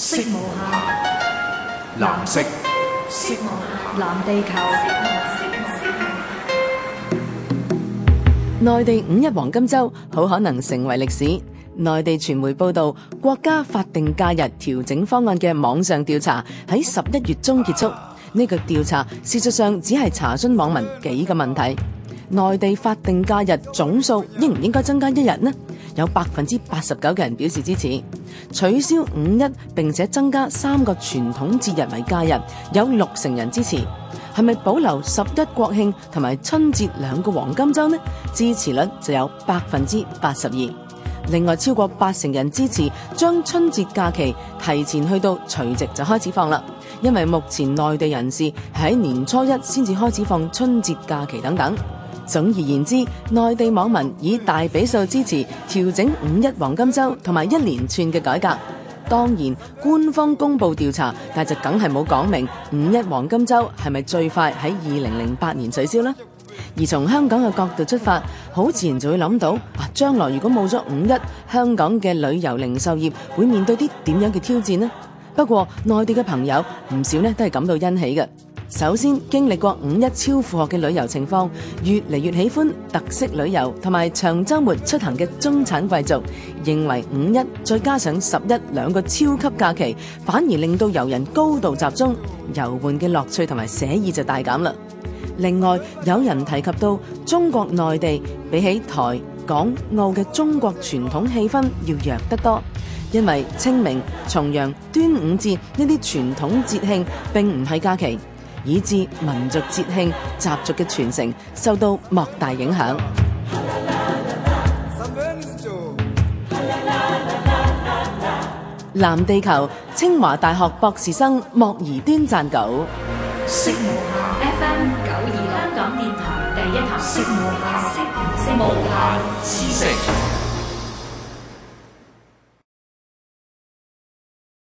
藍色母下，藍色，色母藍地球。內地五一黃金周好可能成為歷史。內地傳媒報道，國家法定假日調整方案嘅網上調查喺十一月中結束。呢、這個調查事實上只係查詢網民幾個問題。內地法定假日總數應唔應該增加一日呢？有百分之八十九嘅人表示支持取消五一並且增加三個傳統節日為假日，有六成人支持。係咪保留十一國慶同埋春節兩個黃金週呢？支持率就有百分之八十二。另外，超過八成人支持將春節假期提前去到除夕就開始放啦，因為目前內地人士喺年初一先至開始放春節假期等等。總而言之，內地網民以大比數支持調整五一黃金週同埋一連串嘅改革。當然，官方公佈調查，但就梗係冇講明五一黃金週係咪最快喺二零零八年取消呢？而從香港嘅角度出發，好自然就會諗到啊，將來如果冇咗五一，香港嘅旅遊零售業會面對啲點樣嘅挑戰呢？不過內地嘅朋友唔少呢都係感到欣喜嘅。首先，經歷過五一超負荷嘅旅遊情況，越嚟越喜歡特色旅遊同埋長週末出行嘅中產貴族，認為五一再加上十一兩個超級假期，反而令到遊人高度集中，遊玩嘅樂趣同埋寫意就大減啦。另外，有人提及到中國內地比起台港澳嘅中國傳統氣氛要弱得多，因為清明、重陽、端午節呢啲傳統節慶並唔係假期。以致民族節慶習俗嘅傳承受到莫大影響。藍地球，清華大學博士生莫宜端撰稿：FM 九二香港電台第一台，無限限